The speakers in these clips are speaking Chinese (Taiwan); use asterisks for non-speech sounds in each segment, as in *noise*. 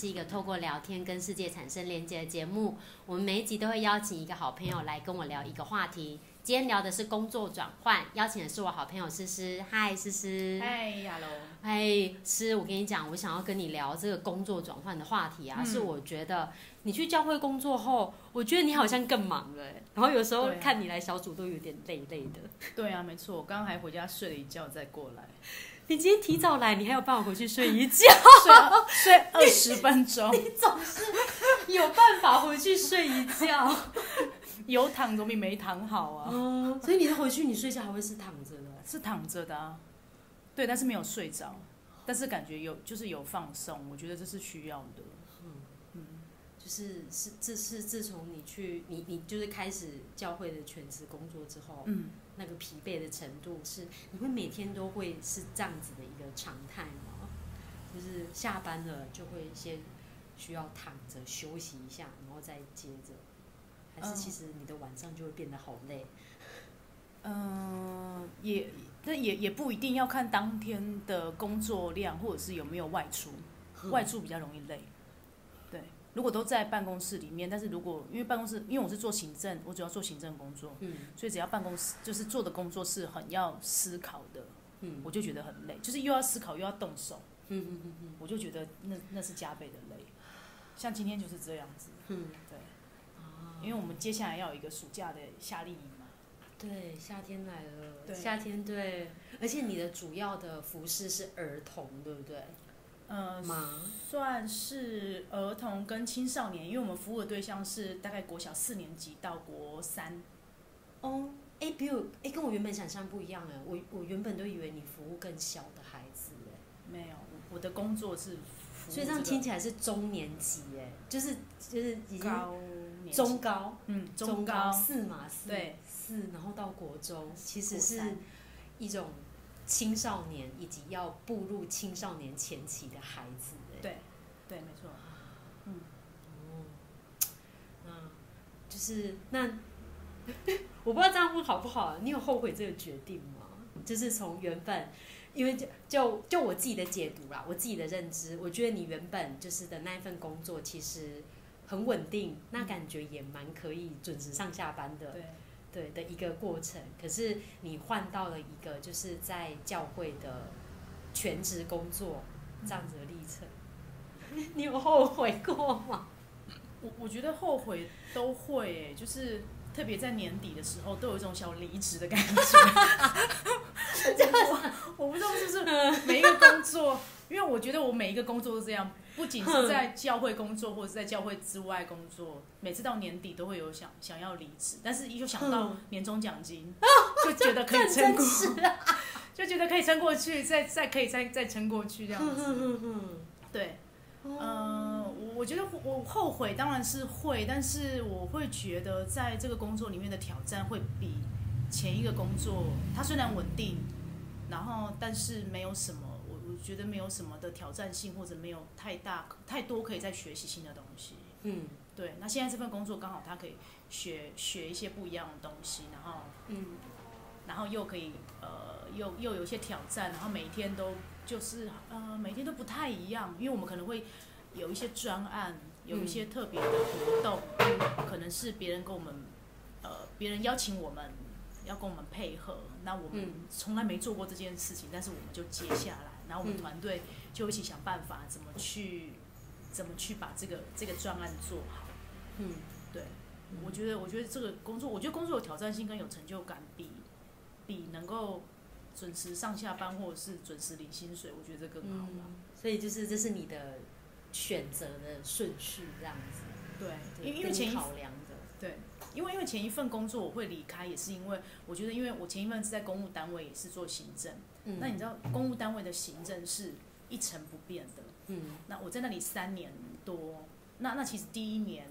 是一個透過聊天跟世界產生連結的節目。我們每一集都會邀請一個好朋友來跟我聊一個話題。今天聊的是工作轉換，邀請的是我好朋友思思。嗨，思思。哎，Hello。哎，思，我跟你講，我想要跟你聊這個工作轉換的話題啊，嗯、是我覺得你去教會工作後，我覺得你好像更忙了。然後有時候看你來小組都有點累累的。對啊，對啊，沒錯，我剛剛還回家睡了一覺再過來。你今天提早來，你還有辦法回去睡一覺， *laughs* 睡二十分鐘。 *laughs* 你總是有辦法回去睡一覺， *laughs* 有躺總比沒躺好啊。哦，所以你回去你睡覺還會是躺着的？是躺着的啊。對，但是沒有睡着，但是感覺有，就是有放鬆。我覺得這是需要的。嗯嗯，就是是這是自從你去你你就是開始教會的全職工作之後，嗯。那個疲憊的程度是，你會每天都會是這樣子的一個常態嗎？就是下班了就會先需要躺着休息一下，然後再接着，還是其實你的晚上就會變得好累？嗯，嗯也，那也也不一定，要看當天的工作量，或者是有沒有外出，外出比較容易累，如果都在辦公室裡面，但是如果因為辦公室，因為我是做行政，我主要做行政工作，嗯，所以只要辦公室就是做的工作是很要思考的，嗯，我就覺得很累，就是又要思考又要動手，嗯嗯嗯，我就覺得那那是加倍的累，像今天就是這樣子，嗯，對，因為我們接下來要有一個暑假的夏令營嘛，對，夏天來了，夏天對，而且你的主要的服飾是兒童，對不對？.呃、嗯，算是兒童跟青少年，因為我們服務的對象是大概國小四年級到國三。哦，哎、欸，比我哎、欸、跟我原本想象不一樣誒，我我原本都以為你服務更小的孩子、欸、沒有我，我的工作是服務、這個。所以這樣聽起來是中年級哎、欸，就是就是已經高年級中高嗯中高，中高四嘛四對四，然後到國中其實是一種。青少年以及要步入青少年前期的孩子，欸，對，對，沒錯，嗯，嗯，就是那， *laughs* 我不知道這樣問好不好？你有後悔這個決定嗎？就是從原本，因為就就就我自己的解讀啦，我自己的認知，我覺得你原本就是的那一份工作其實很穩定，嗯、那感覺也蠻可以準，準時上下班的，對。對的一個過程，可是你換到了一個就是在教會的全職工作這樣子的歷程，你,你有後悔過嗎？我我覺得後悔都會，就是特別在年底的時候，都有一種想離職的感覺。我 *laughs* *laughs* *laughs* 我不知道是不是每一個工作。因為我覺得我每一個工作都這樣，不僅是在教會工作，或者是在教會之外工作，每次到年底都會有想想要離職，但是又想到年終獎金，就覺得可以撐過，啊、 *laughs* 就覺得可以撐過去，再再可以再再撐過去這樣子。哼哼哼對、呃，我覺得我後悔當然是會，但是我會覺得在這個工作裡面的挑戰會比前一個工作，它雖然穩定，然後但是沒有什麼。覺得沒有什麼的挑戰性，或者沒有太大太多可以再學習新的東西。嗯，對。那現在這份工作剛好他可以學學一些不一樣的東西，然後嗯，然後又可以呃又又有一些挑戰，然後每天都就是呃每天都不太一樣，因為我們可能會有一些專案，有一些特別的活動，嗯、可能是別人跟我們呃別人邀請我們要跟我們配合。那我們從來沒做過這件事情，嗯，但是我們就接下來，然後我們團隊就一起想辦法怎麼去，嗯、怎麼去把這個這個專案做好。嗯，對，嗯，我覺得，我覺得這個工作，我覺得工作有挑戰性跟有成就感比，比比能夠準時上下班或者是準時領薪水，我覺得這更好吧，嗯。所以就是，這是你的選擇的順序這樣子。對，因為你考量的對。因為因為前一份工作我會離開，也是因為我覺得，因為我前一份是在公務單位也是做行政，嗯，那你知道公務單位的行政是一成不變的，嗯，那我在那裡三年多，那那其實第一年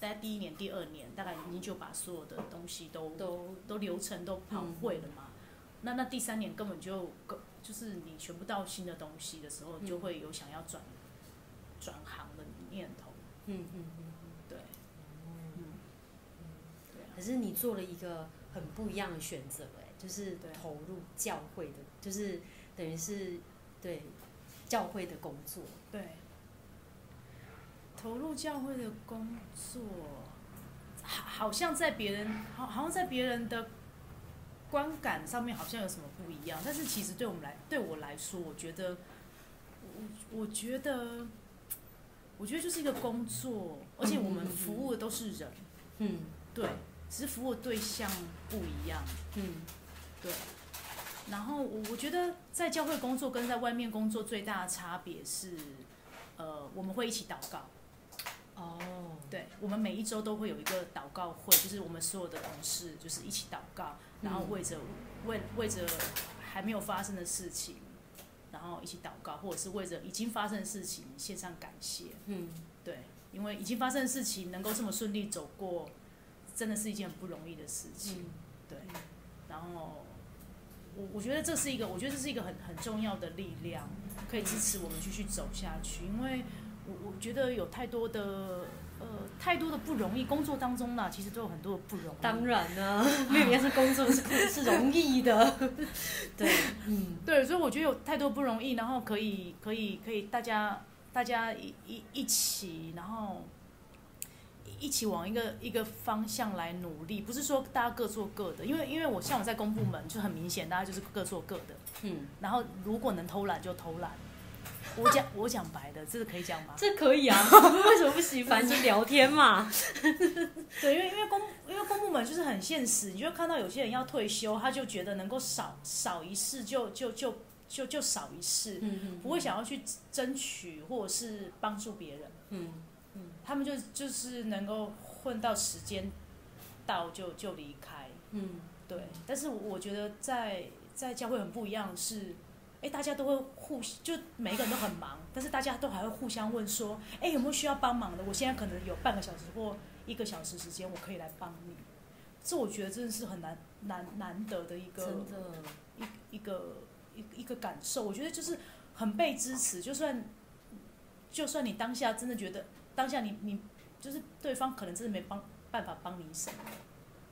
在第一年、第二年，大概你就把所有的東西都都都流程都跑會了嘛，嗯嗯，那那第三年根本就就是你學不到新的東西的時候，就會有想要轉轉，嗯，行的念頭，嗯嗯。可是你做了一個很不一樣的選擇，哎，就是投入教會的，就是等於是對教會的工作。對，投入教會的工作，好，好像在別人，好好像在別人的觀感上面好像有什麼不一樣，但是其實對我們來，對我來說，我覺得，我我覺得，我覺得就是一個工作， *coughs* 而且我們服務的都是人，嗯，嗯對。只是服務對象不一樣，嗯，對。然後我我覺得在教會工作跟在外面工作最大的差別是，呃，我們會一起禱告。哦，對，我們每一周都會有一個禱告會，就是我們所有的同事就是一起禱告，然後為着、嗯、為為着還沒有發生的事情，然後一起禱告，或者是為着已經發生的事情獻上感謝。嗯，對，因為已經發生的事情能夠這麼順利走過。真的是一件不容易的事情，嗯、對。然後我我覺得這是一個，我覺得這是一個很很重要的力量，可以支持我們繼續走下去。因為我我覺得有太多的呃，太多的不容易。工作當中呢、啊，其實都有很多的不容易。當然呢沒有人是工作 *laughs* 是是容易的。對，嗯，對，所以我覺得有太多不容易，然後可以可以可以大家大家一一一起，然後。一,一起往一個一個方向來努力，不是說大家各做各的，因為因為我像我在公部門、嗯、就很明顯，大家就是各做各的。嗯，嗯，然後如果能偷懶就偷懶。我講、啊、我講白的，這個可以講嗎？這可以啊， *laughs* 為什麼不喜歡就聊天嘛。 *laughs* *laughs* *laughs* *laughs* 對，因為因為公因為公部門就是很現實，你就看到有些人要退休，他就覺得能夠少少一事就就就就，就少一事，嗯嗯，不會想要去爭取或者是幫助別人。嗯。他們就就是能夠混到時間到就就離開，嗯，對。但是我覺得在在教會很不一樣，是，欸，大家都會互就每一個人都很忙，但是大家都還會互相問說，欸，有沒有需要幫忙的？我現在可能有半個小時或一個小時時間，我可以來幫你。這我覺得真的是很難難難得的一個一個一個感受。我覺得就是很被支持，就算就算你當下真的覺得。當下你你就是對方可能真的沒幫辦法幫你什麼，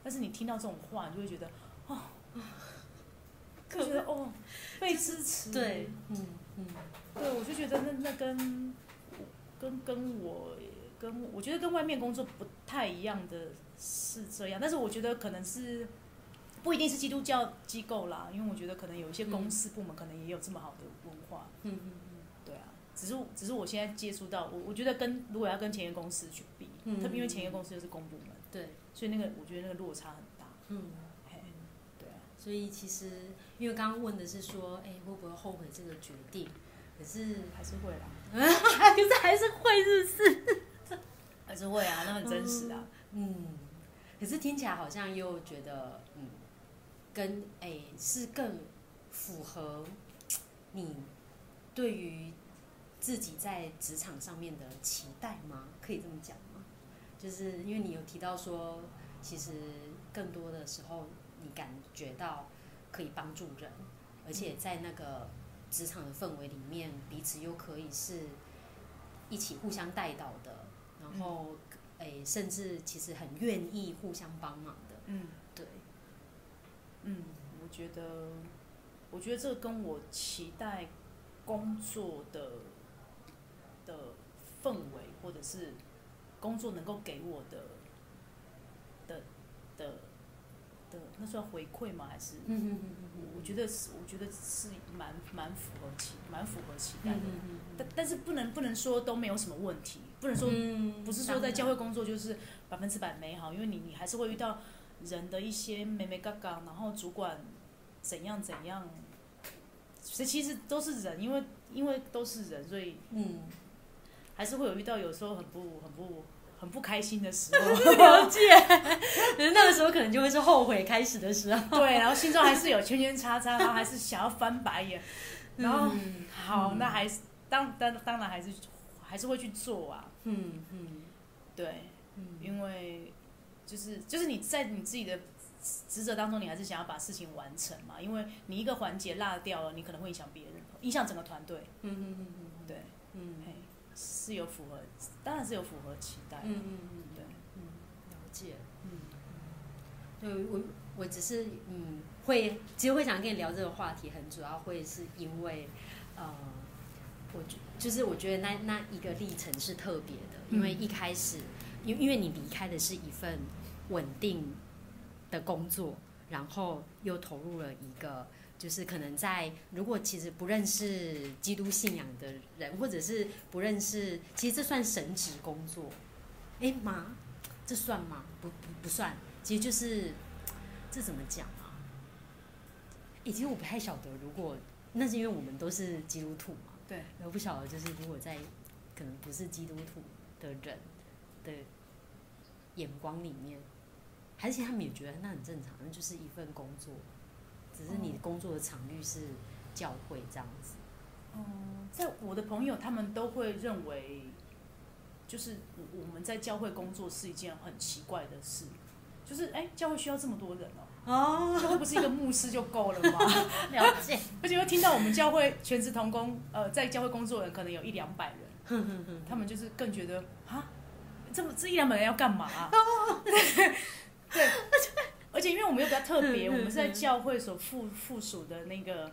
但是你聽到這種話，你就會覺得哦，可我覺得哦被支持，對，嗯嗯，對，我就覺得那那跟跟跟我跟我覺得跟外面工作不太一樣的是這樣，但是我覺得可能是不一定是基督教機構啦，因為我覺得可能有一些公司、嗯、部門可能也有這麼好的文化，嗯嗯。只是，只是我現在接觸到，我我覺得跟如果要跟前一公司去比，嗯、特別因為前一公司又是公部門，對，所以那個我覺得那個落差很大。嗯，對、啊，所以其實因為剛剛問的是說，哎、欸，會不會後悔這個決定？可是、嗯、還是會啦，嗯， *laughs* 可是還是會是不是，還是會啊，那很真實的、啊嗯，嗯，可是聽起來好像又覺得，嗯，跟哎、欸、是更符合你對於。自己在職場上面的期待嗎？可以這麼講嗎？就是因為你有提到說，其實更多的時候你感覺到可以幫助人，而且在那個職場的氛圍裡面，彼此又可以是一起互相帶到的，然後誒、嗯欸，甚至其實很願意互相幫忙的。嗯，對，嗯，我覺得，我覺得這跟我期待工作的。的氛圍，或者是工作能夠給我的的的的，那算回饋嗎？還是？嗯哼嗯哼嗯哼。我覺得，我覺得是蠻蠻符合期，蠻符合期待的。嗯哼嗯哼嗯哼。但但是不能不能說都沒有什麼問題，不能說，嗯，不是說在教會工作就是百分之百美好，因為你你還是會遇到人的一些眉眉角角，然後主管怎樣怎樣，其其實都是人，因為因為都是人，所以嗯。還是會有遇到有時候很不很不很不開心的時候，了解，可 *laughs* 是那個時候可能就會是後悔開始的時候，對，然後心中還是有圈圈叉叉，叉， *laughs* 然後還是想要翻白眼，然後、嗯、好、嗯，那還是當當當然還是還是會去做啊，嗯嗯，對嗯，因為就是就是你在你自己的職責當中，你還是想要把事情完成嘛，因為你一個環節落掉了，你可能會影響別人，影響整個團隊，嗯嗯嗯嗯，對，嗯。是有符合，當然是有符合期待的。嗯嗯嗯，對，嗯，了解。嗯嗯，對，我我只是嗯會，其實會想跟你聊這個話題，很主要會是因為，呃，我覺就是我覺得那那一個歷程是特別的，嗯，因為一開始，因因為你離開的是一份穩定的工作，然後又投入了一個。就是可能在，如果其實不認識基督信仰的人，或者是不認識，其實這算神職工作？哎，媽，這算嗎？不不不算，其實就是，這怎麼講啊？以前我不太曉得，如果那是因為我們都是基督徒嘛？對。我不曉得，就是如果在可能不是基督徒的人的眼光裡面，還是他們也覺得那很正常，那就是一份工作。只是你工作的場域是教會這樣子、嗯。在我的朋友，他們都會認為，就是我我們在教會工作是一件很奇怪的事。就是哎、欸，教會需要這麼多人哦、喔。哦、oh,。教會不是一個牧師就夠了嗎？ *laughs* 了解。而且會聽到我們教會全職同工，呃，在教會工作人可能有一兩百人。 *laughs* 他們就是更覺得啊，這麼這一兩百人要幹嘛、啊 oh, *laughs* 對，對。 *laughs* 因為我們又比較特別，我們是在教會所附附屬的那個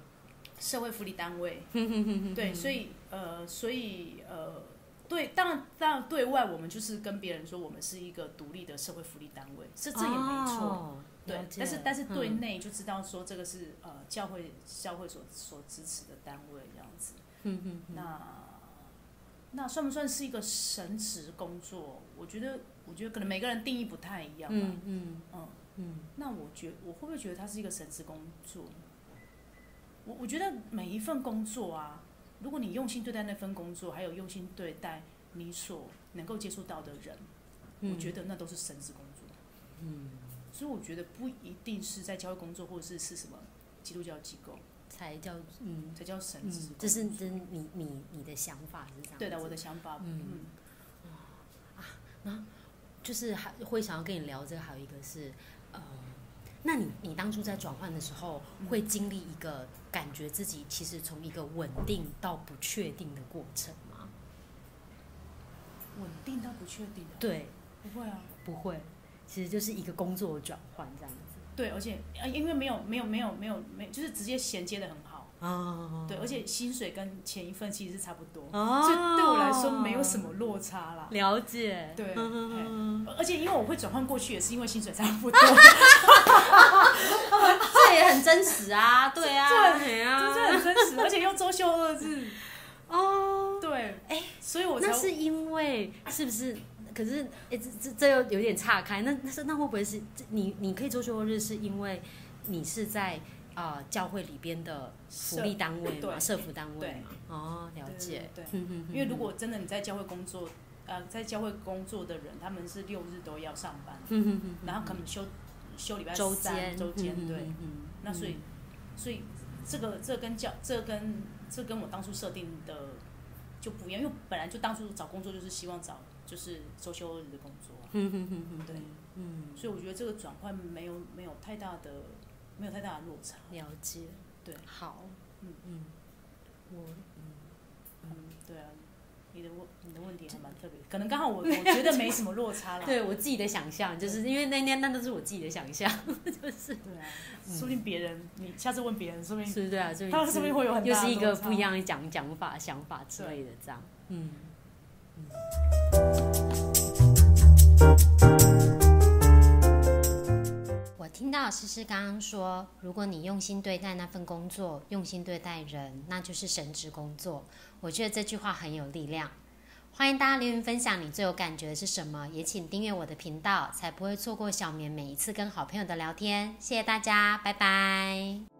社會福利單位， *laughs* 對，所以呃，所以呃，對，當然當然，對外我們就是跟別人說我們是一個獨立的社會福利單位，哦、這這也沒錯，對，但是但是對內就知道說這個是呃、嗯、教會教會所所支持的單位這樣子，那那算不算是一個神職工作？我覺得我覺得可能每個人定義不太一樣吧，嗯嗯嗯。嗯，那我覺得我會不會覺得它是一個神職工作？我我覺得每一份工作啊，如果你用心對待那份工作，還有用心對待你所能夠接觸到的人，嗯，我覺得那都是神職工作嗯。嗯，所以我覺得不一定是在教育工作，或者是是什麼基督教機構才叫嗯才叫神職。這，嗯就是你你你的想法是這樣？對的，我的想法。嗯。嗯啊，那，啊。就是還會想要跟你聊這個，還有一個是，嗯、呃，那你你當初在轉換的時候，會經歷一個感覺自己其實從一個穩定到不確定的過程嗎？穩定到不確定、啊？對，不會啊，不會，其實就是一個工作轉換這樣子。對，而且因為沒有沒有沒有沒有沒，就是直接銜接得很好。哦、oh.，對，而且薪水跟前一份其實是差不多，oh. 所以對我來說沒有什麼落差啦。了解，對，oh. 而且因為我會轉換過去，也是因為薪水差不多， *laughs* *laughs* *laughs* *laughs* *laughs* *laughs* *laughs* 這也很真實啊。 *laughs* 對啊，對啊，這很真實， *laughs* 而且又週休二日。哦， *laughs* *laughs* 對，哎，所以我、欸、那是因為是不是？可是，哎、欸，這這這又有點岔開。那那那會不會是？你你可以週休二日，是因為你是在。啊、呃，教會裡邊的福利單位嘛，社福單位對，對，哦，了解對。對，因為如果真的你在教會工作，呃，在教會工作的人，他們是六日都要上班。嗯、然後可能休休、嗯、禮拜三。週間、嗯，週間，對。嗯。嗯，那所以、嗯，所以這個這個、跟教這個、跟這個、跟我當初設定的就不一樣，因為本來就當初找工作就是希望找就是週休日的工作。嗯嗯。對。嗯。所以我覺得這個轉換沒有沒有太大的。沒有太大的落差。了解，對，好，嗯嗯，我嗯嗯，嗯，對啊，你的問你的問題還蠻特別的，嗯，可能剛好我我覺得沒什麼落差了。對我自己的想象就是因為那那那都是我自己的想象就是對啊，嗯，說不定別人，你下次問別人，說不定是對啊，就是他說不定會有很大的落差。又是一個不一樣的講講法、想法之類的，這樣，嗯嗯。嗯嗯聽到詩詩剛剛說，如果你用心對待那份工作，用心對待人，那就是神職工作。我覺得這句話很有力量。歡迎大家留言分享你最有感覺的是什麼，也請訂閱我的頻道，才不會錯過小綿每一次跟好朋友的聊天。謝謝大家，拜拜。